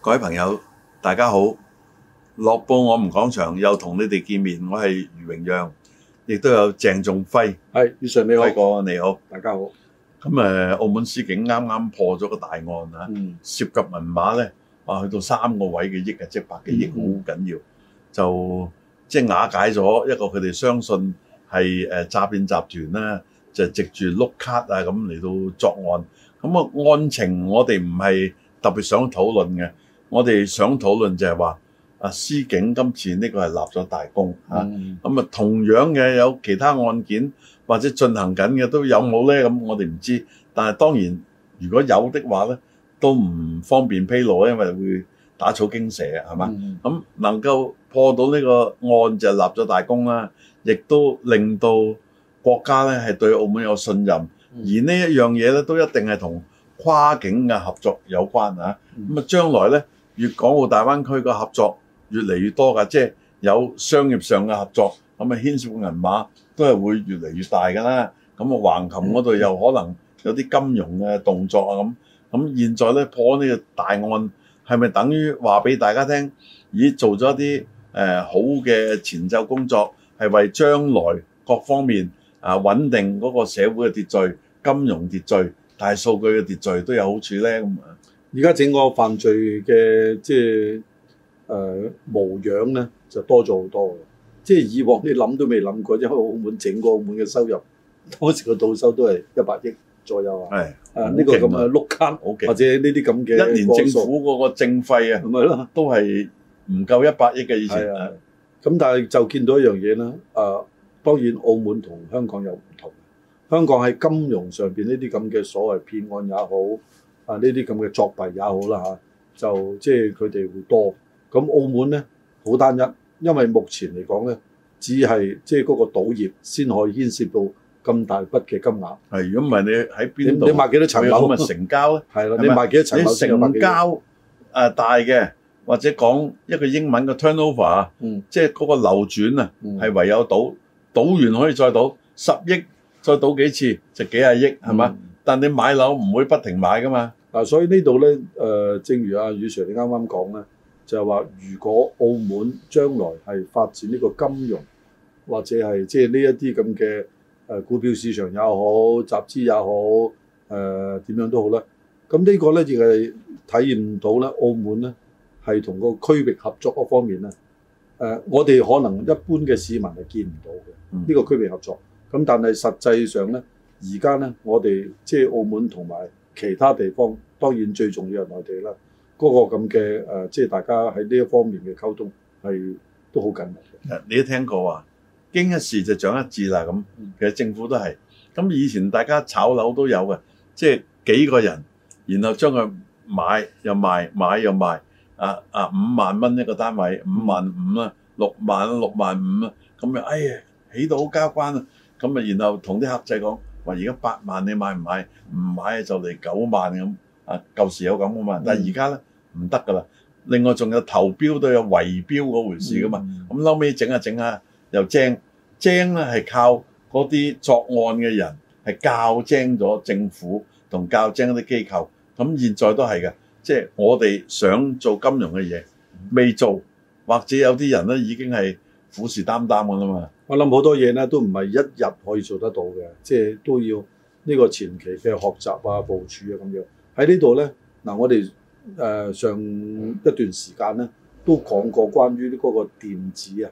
各位朋友，大家好！樂報我哋講場，又同你哋見面，我係余榮陽，亦都有鄭仲輝。係余常你好，輝哥你好，大家好。咁誒，澳門司警啱啱破咗個大案啊！嗯，涉及文碼咧，啊，去到三個位嘅億啊，即係百幾億，好緊要，就即係瓦解咗一個佢哋相信係誒詐騙集團啦，就藉住碌卡啊咁嚟到作案。咁啊，案情我哋唔係特別想討論嘅。我哋想討論就係話，啊司警今次呢個係立咗大功吓，咁啊同樣嘅有其他案件或者進行緊嘅都有冇呢？咁我哋唔知，但係當然如果有的話呢，都唔方便披露呢，因為會打草驚蛇係嘛。咁能夠破到呢個案就立咗大功啦，亦都令到國家呢係對澳門有信任，而呢一樣嘢呢都一定係同跨境嘅合作有關啊。咁啊將來呢？粵港澳大灣區個合作越嚟越多㗎，即係有商業上嘅合作，咁啊牽涉嘅銀碼都係會越嚟越大㗎啦。咁啊橫琴嗰度又可能有啲金融嘅動作啊咁。咁現在咧破呢個大案，係咪等於話俾大家聽，咦，做咗啲誒好嘅前奏工作，係為將來各方面啊穩定嗰個社會嘅秩序、金融秩序、大數據嘅秩序都有好處咧咁啊？而家整個犯罪嘅即係誒模樣咧，就多咗好多嘅。即係以往你諗都未諗過，即係澳門整個澳門嘅收入，當時個到收都係一百億左右啊。係啊，呢、呢個咁嘅碌卡，或者呢啲咁嘅一年政府個個政費啊，咁咪咯，都係唔夠一百億嘅意思。係咁，但係就見到一樣嘢啦。啊，當然澳門同香港有唔同。香港喺金融上面呢啲咁嘅所謂騙案也好。啊！呢啲咁嘅作弊也好啦嚇，就即係佢哋會多。咁澳門咧好單一，因為目前嚟講咧，只係即係嗰個賭業先可以牽涉到咁大筆嘅金額。係，如果唔係你喺邊度？你你買幾多層樓咪成交咧？係啦，你買幾多層樓？成交啊大嘅，或者講一個英文嘅 turnover，即係嗰個流轉啊，係唯有賭，賭完可以再賭十億，再賭幾次就幾廿億係嘛？但你買樓唔會不停買噶嘛？嗱、啊，所以呢度咧，誒、呃，正如阿、啊、宇 Sir 你啱啱講咧，就係話，如果澳門將來係發展呢個金融，或者係即係呢一啲咁嘅誒股票市場也好、集資也好，誒、呃、點樣都好咧，咁呢個咧亦係體驗到咧，澳門咧係同個區域合作嗰方面咧，誒、呃，我哋可能一般嘅市民係見唔到嘅呢、這個區域合作，咁、嗯、但係實際上咧，而家咧，我哋即係澳門同埋。其他地方當然最重要係內地啦，嗰、那個咁嘅誒，即、呃、係、就是、大家喺呢一方面嘅溝通係都好緊密嘅。你都聽過話、啊，經一事就長一智啦咁。其實政府都係咁，以前大家炒樓都有嘅，即、就、係、是、幾個人，然後將佢買又賣，買又賣，啊啊五萬蚊一個單位，五萬五啦，六萬六萬五啦，咁啊哎呀起到好交關啊，咁啊然後同啲客仔講。話而家八萬你買唔買？唔買就嚟九萬咁啊！舊時有咁㗎嘛，但係而家咧唔得㗎喇。另外仲有投標都有圍標嗰回事㗎嘛。咁撈尾整下整下又精精咧係靠嗰啲作案嘅人係教精咗政府同教精啲機構。咁現在都係嘅，即係我哋想做金融嘅嘢未做，或者有啲人咧已經係。虎視眈眈㗎啦嘛！我諗好多嘢咧都唔係一日可以做得到嘅，即係都要呢個前期嘅學習啊、部署啊咁樣。喺呢度咧，嗱、啊、我哋誒、呃、上一段時間咧都講過關於呢嗰個電子啊、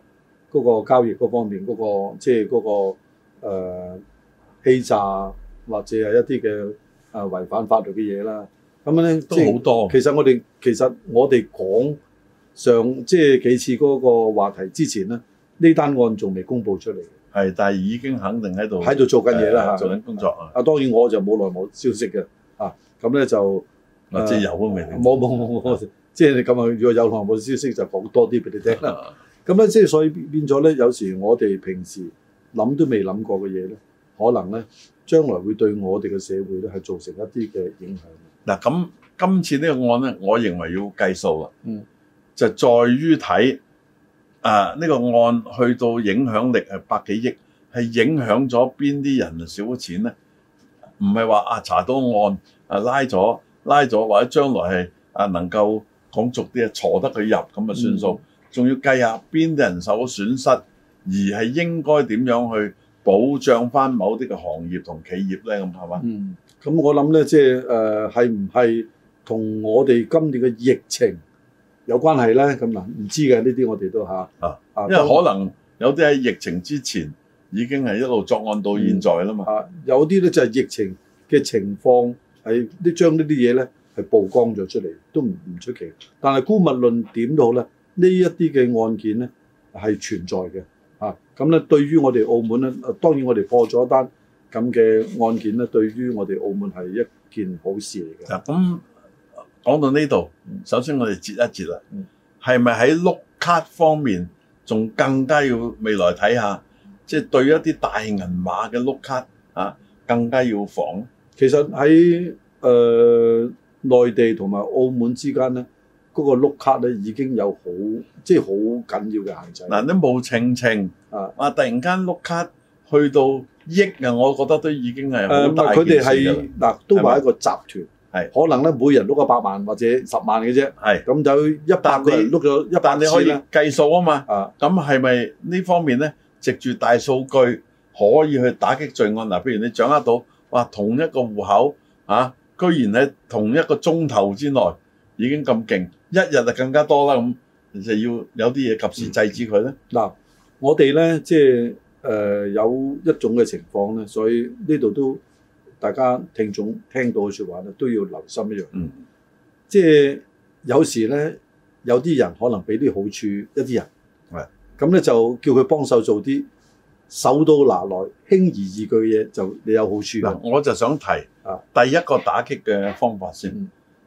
嗰、那個交易嗰方面嗰、那個即係嗰、那個誒、呃、欺詐或者係一啲嘅誒違反法律嘅嘢啦。咁樣咧，都好多其實我哋其實我哋講。上即係幾次嗰個話題之前咧，呢單案仲未公佈出嚟。係，但係已經肯定喺度喺度做緊嘢啦嚇做緊工作啊！啊，當然我就冇內幕消息嘅啊。咁咧就即係有都未。冇冇冇冇，即係你咁啊，啊！如果有內幕消息，就講多啲俾你聽啦。咁、啊、咧即係所以變咗咧，有時我哋平時諗都未諗過嘅嘢咧，可能咧將來會對我哋嘅社會咧係造成一啲嘅影響。嗱、啊、咁今次呢個案咧，我認為要計數啦。嗯。就在於睇啊，呢、這個案去到影響力係百幾億，係影響咗邊啲人少咗錢咧？唔係話啊查到案啊拉咗拉咗，或者將來係啊能夠講俗啲啊坐得佢入咁啊算數。仲、嗯、要計下邊啲人受咗損失，而係應該點樣去保障翻某啲嘅行業同企業咧？咁係嘛？嗯，咁、嗯嗯、我諗咧，即係誒係唔係同我哋今年嘅疫情？有關係咧，咁啊，唔知嘅呢啲我哋都下，啊，因為可能有啲喺疫情之前已經係一路作案到現在啦嘛。嗯啊、有啲咧就係疫情嘅情況係啲將呢啲嘢咧係曝光咗出嚟，都唔唔出奇。但係姑勿論點都好咧，呢一啲嘅案件咧係存在嘅嚇。咁、啊、咧對於我哋澳門咧，當然我哋破咗一單咁嘅案件咧，對於我哋澳門係一件好事嚟嘅。咁、嗯。講到呢度，首先我哋截一截啦，係咪喺碌卡方面仲更加要未來睇下，即係對一啲大銀碼嘅碌卡啊，更加要防。其實喺誒內地同埋澳門之間咧，嗰個碌卡咧已經有好即係好緊要嘅限制。嗱，你冇情情啊，突然間碌卡去到億啊，我覺得都已經係好大件事㗎啦。嗱，都係一個集團。係，可能咧每人碌個百萬或者十萬嘅啫。係，咁就一百個人碌咗一百次。但你可以計數啊嘛。啊，咁係咪呢方面咧，藉住大數據可以去打擊罪案，啊？嗱，譬如你掌握到哇，同一個戶口啊，居然喺同一個鐘頭之內已經咁勁，一日就更加多啦咁，就要有啲嘢及時制止佢咧。嗱、嗯，我哋咧即係誒、呃、有一種嘅情況咧，所以呢度都。大家聽眾聽到嘅說話咧，都要留心一樣。嗯，即係有時咧，有啲人可能俾啲好處一啲人。係，咁、嗯、咧就叫佢幫做手做啲手到拿來輕而易舉嘅嘢，就你有好處啦、嗯。我就想提啊，第一個打擊嘅方法先。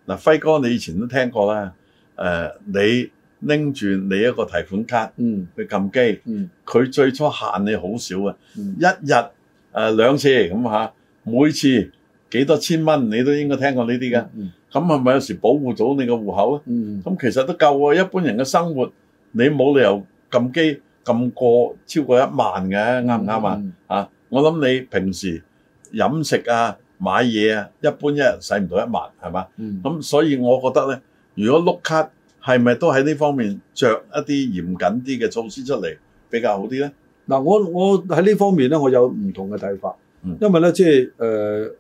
嗱、嗯，輝哥你以前都聽過啦。誒、呃，你拎住你一個提款卡，嗯，去撳機，嗯，佢最初限你好少嘅、嗯，一日誒、呃、兩次咁嚇。每次幾多千蚊你都應該聽過呢啲㗎。咁係咪有時保護到你個戶口？咁其實都夠喎。一般人嘅生活，你冇理由撳機撳過超過一萬㗎，啱唔啱呀？我諗你平時飲食啊，買嘢呀，一般一日使唔到一萬係嘛？咁所以我覺得呢，如果碌卡嗯、因為咧，即係誒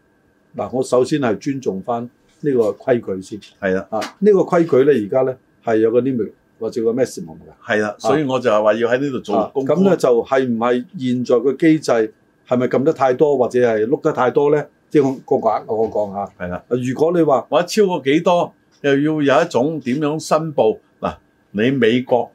嗱，我首先係尊重翻呢個規矩先。係啦，啊呢、呢個規矩咧，而家咧係有嗰啲，或者個 message 嘅。係啦、啊，所以我就係話要喺、啊啊、呢度做功。咁咧就係唔係現在個機制係咪撳得太多，或者係碌得太多咧？即、就、係、是嗰個個格、嗯、我講下。係啦，如果你話或者超過幾多，又要有一種點樣申報？嗱、啊，你美國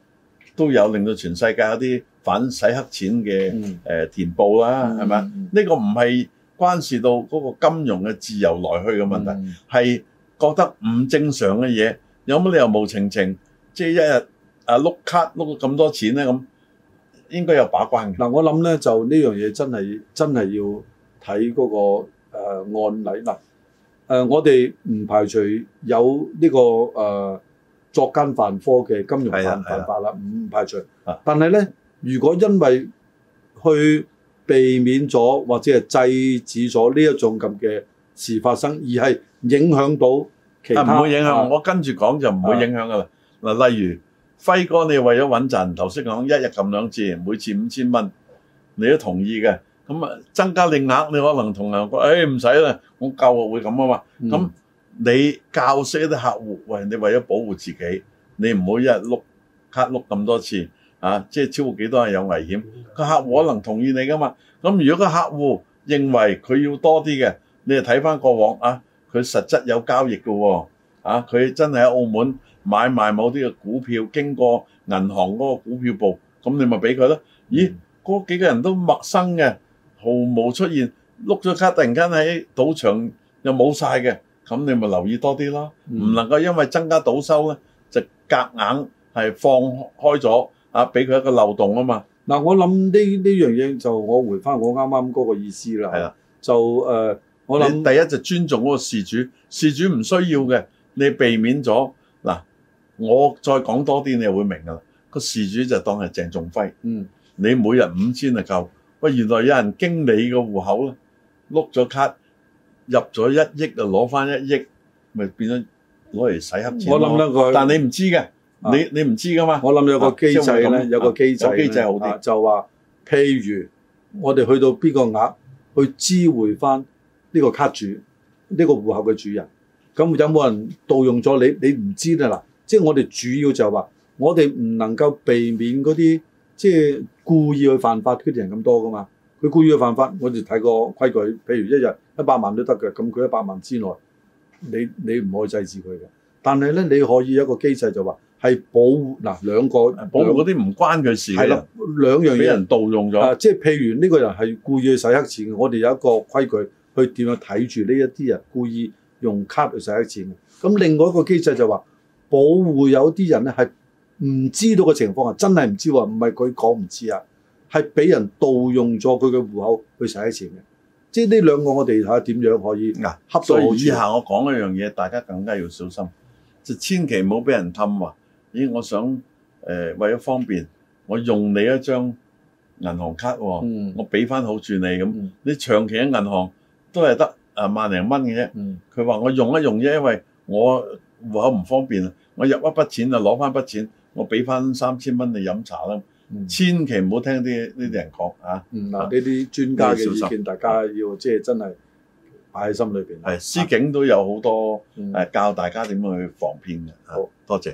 都有令到全世界有一啲。反洗黑錢嘅誒、呃、填報啦，係咪啊？呢、嗯這個唔係關事到嗰個金融嘅自由來去嘅問題，係、嗯、覺得唔正常嘅嘢、嗯。有乜理由無情情，即、嗯、係、就是、一日啊碌卡碌咁多錢咧？咁、嗯、應該有把關嘅嗱、啊。我諗咧，就呢樣嘢真係真係要睇嗰、那個、呃、案例啦。誒、呃，我哋唔排除有呢、這個誒、呃、作奸犯科嘅金融犯，啊啊、犯法啦，唔排除。啊、但係咧。如果因為去避免咗或者係制止咗呢一種咁嘅事發生，而係影響到，其實唔會影響，我跟住講就唔會影響噶啦。嗱，例如輝哥，你為咗穩陣，頭先講一日撳兩次，每次五千蚊，你都同意嘅。咁啊，增加你額，你可能同人講，誒唔使啦，我夠啊，會咁啊嘛。咁你教識啲客戶，喂你為咗保護自己，你唔好一日碌卡碌咁多次。啊！即係超過幾多係有危險，個客戶可能同意你噶嘛。咁如果個客戶認為佢要多啲嘅，你就睇翻過往啊，佢實質有交易嘅喎。啊，佢真係喺澳門買賣某啲嘅股票，經過銀行嗰個股票部，咁你咪俾佢咯。咦，嗰幾個人都陌生嘅，毫無出現。碌咗卡，突然間喺賭場又冇曬嘅，咁你咪留意多啲咯。唔能夠因為增加賭收咧，就夾硬係放開咗。啊！俾佢一個漏洞啊嘛！嗱、啊，我諗呢呢樣嘢就我回翻我啱啱嗰個意思啦。係啊，就誒、呃，我諗第一就尊重嗰個事主，事主唔需要嘅，你避免咗嗱、啊。我再講多啲，你就會明噶啦。個事主就當係鄭仲輝，嗯，你每日五千就夠。喂，原來有人經你個戶口碌咗卡入咗一億就攞翻一億，咪變咗攞嚟洗黑錢。我諗諗佢，但你唔知嘅。你你唔知噶嘛？我諗有個機制咧、啊，有個機制、啊、機制好啲。就話，譬如我哋去到邊個額，去支回翻呢個卡主呢、呢個戶口嘅主人，咁有冇人盜用咗你？你唔知啦，即係我哋主要就話、是，我哋唔能夠避免嗰啲即係故意去犯法嗰啲人咁多噶嘛？佢故意去犯法，我哋睇個規矩，譬如一日一百萬都得嘅，咁佢一百萬之內，你你唔可以制止佢嘅。但係咧，你可以有一個機制就話。係保護嗱、啊、兩個保護嗰啲唔關佢事嘅，兩樣嘢人盜用咗。即係譬如呢個人係故意去洗黑錢嘅，我哋有一個規矩去點樣睇住呢一啲人故意用卡去洗黑錢嘅。咁另外一個機制就話保護有啲人咧係唔知道嘅情況下，真係唔知喎，唔係佢講唔知啊，係俾人盜用咗佢嘅戶口去洗黑錢嘅。即係呢兩個我哋睇下點樣可以嗱、啊，所以以下我講一樣嘢，大家更加要小心，就千祈唔好俾人氹啊！咦，我想誒、呃、為咗方便，我用你一張銀行卡喎、嗯，我俾翻好處你咁。你長期喺銀行都係得啊萬零蚊嘅啫。佢、嗯、話我用一用啫，因為我戶口唔方便啊。我入一筆錢就攞翻筆錢，我俾翻三千蚊你飲茶啦、嗯。千祈唔好聽啲呢啲人講、嗯、啊！嗱，呢啲專家嘅意見小，大家要即係真係擺喺心裏邊。係、啊，司警都有好多誒、嗯啊、教大家點樣去防騙嘅。好、啊、多謝。